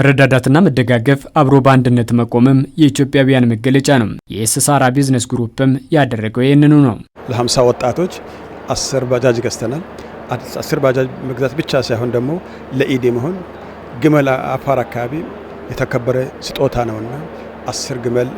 መረዳዳትና መደጋገፍ፣ አብሮ በአንድነት መቆምም የኢትዮጵያውያን መገለጫ ነው። የስሳራ ቢዝነስ ግሩፕም ያደረገው ይህንኑ ነው። ለሀምሳ ወጣቶች አስር ባጃጅ ገዝተናል። አስር ባጃጅ መግዛት ብቻ ሳይሆን ደግሞ ለኢድ መሆን ግመል አፋር አካባቢ የተከበረ ስጦታ ነውና አስር ግመል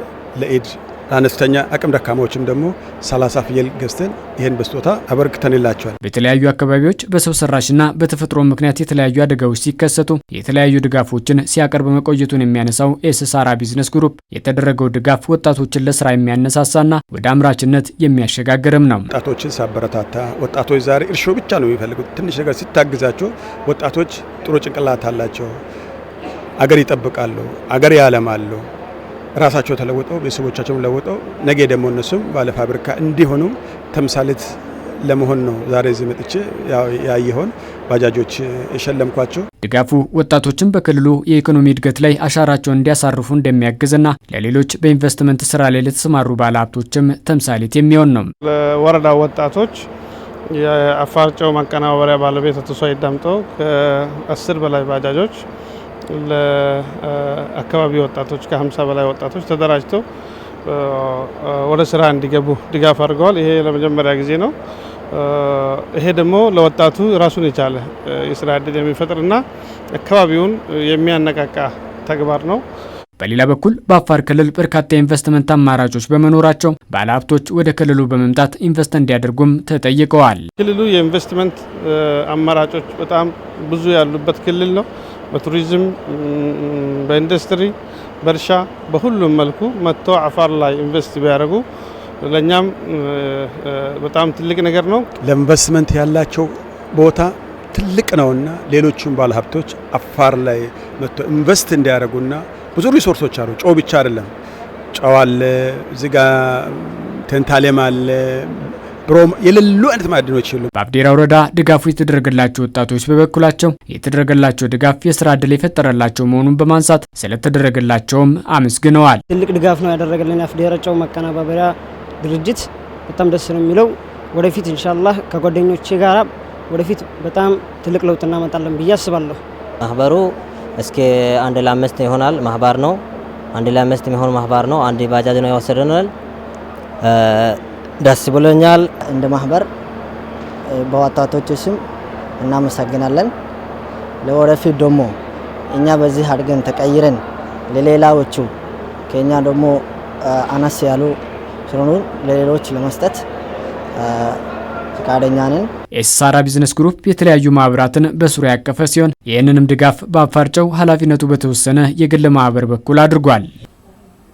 ለኢድ ለአነስተኛ አቅም ደካማዎችም ደግሞ 30 ፍየል ገዝተን ይህን በስጦታ አበርክተንላቸዋል። በተለያዩ አካባቢዎች በሰው ሰራሽና በተፈጥሮ ምክንያት የተለያዩ አደጋዎች ሲከሰቱ የተለያዩ ድጋፎችን ሲያቀርብ መቆየቱን የሚያነሳው ኤስሳራ ቢዝነስ ግሩፕ የተደረገው ድጋፍ ወጣቶችን ለስራ የሚያነሳሳና ወደ አምራችነት የሚያሸጋግርም ነው። ወጣቶችን ሳበረታታ ወጣቶች ዛሬ እርሾ ብቻ ነው የሚፈልጉት። ትንሽ ነገር ሲታግዛቸው ወጣቶች ጥሩ ጭንቅላት አላቸው፣ አገር ይጠብቃሉ፣ አገር ያለማሉ። ራሳቸው ተለውጠው ቤተሰቦቻቸውን ለውጠው ነገ ደግሞ እነሱም ባለፋብሪካ እንዲሆኑ ተምሳሌት ለመሆን ነው ዛሬ እዚህ መጥቼ ያየሆን ባጃጆች የሸለምኳቸው። ድጋፉ ወጣቶችን በክልሉ የኢኮኖሚ እድገት ላይ አሻራቸውን እንዲያሳርፉ እንደሚያግዝና ለሌሎች በኢንቨስትመንት ስራ ላይ ለተሰማሩ ባለሀብቶችም ተምሳሌት የሚሆን ነው። ለወረዳ ወጣቶች የአፋር ማቀናበሪያ ማቀነባበሪያ ባለቤት አቶ ሷይ ዳምጦ ከአስር በላይ ባጃጆች ለአካባቢ ወጣቶች ከሀምሳ በላይ ወጣቶች ተደራጅተው ወደ ስራ እንዲገቡ ድጋፍ አድርገዋል። ይሄ ለመጀመሪያ ጊዜ ነው። ይሄ ደግሞ ለወጣቱ ራሱን የቻለ የስራ እድል የሚፈጥርና አካባቢውን የሚያነቃቃ ተግባር ነው። በሌላ በኩል በአፋር ክልል በርካታ የኢንቨስትመንት አማራጮች በመኖራቸው ባለሀብቶች ወደ ክልሉ በመምጣት ኢንቨስት እንዲያደርጉም ተጠይቀዋል። ክልሉ የኢንቨስትመንት አማራጮች በጣም ብዙ ያሉበት ክልል ነው። በቱሪዝም፣ በኢንዱስትሪ፣ በእርሻ በሁሉም መልኩ መጥቶ አፋር ላይ ኢንቨስት ቢያደርጉ ለእኛም በጣም ትልቅ ነገር ነው። ለኢንቨስትመንት ያላቸው ቦታ ትልቅ ነውና ሌሎችም ባለሀብቶች አፋር ላይ መጥቶ ኢንቨስት እንዲያደርጉና ብዙ ሪሶርሶች አሉ። ጨው ብቻ አይደለም። ጨው አለ፣ እዚጋ ቴንታሌም አለ፣ ብሮም የሌሉ አይነት ማዕድኖች የሉ። በአብዴራ ወረዳ ድጋፉ የተደረገላቸው ወጣቶች በበኩላቸው የተደረገላቸው ድጋፍ የስራ እድል የፈጠረላቸው መሆኑን በማንሳት ስለተደረገላቸውም አመስግነዋል። ትልቅ ድጋፍ ነው ያደረገልን አፍዴራ ጨው መቀነባበሪያ ድርጅት በጣም ደስ ነው የሚለው። ወደፊት እንሻላህ ከጓደኞቼ ጋር ወደፊት በጣም ትልቅ ለውጥ እናመጣለን ብዬ አስባለሁ። ማህበሩ እስከ አንድ ለአምስት ይሆናል ማህበር ነው። አንድ ለአምስት የሚሆን ማህበር ነው። አንድ ባጃጅ ነው ያወሰደናል ደስ ብሎኛል። እንደ ማህበር በወጣቶች ስም እናመሰግናለን። ለወደፊት ደግሞ እኛ በዚህ አድገን ተቀይረን ለሌላዎቹ ከኛ ደግሞ አነስ ያሉ ስለሆኑ ለሌሎች ለመስጠት ፈቃደኛ ነን። ቢዝነስ ግሩፕ የተለያዩ ማህበራትን በሱሪያ ያቀፈ ሲሆን ይህንንም ድጋፍ በአፋርጨው ኃላፊነቱ በተወሰነ የግል ማህበር በኩል አድርጓል።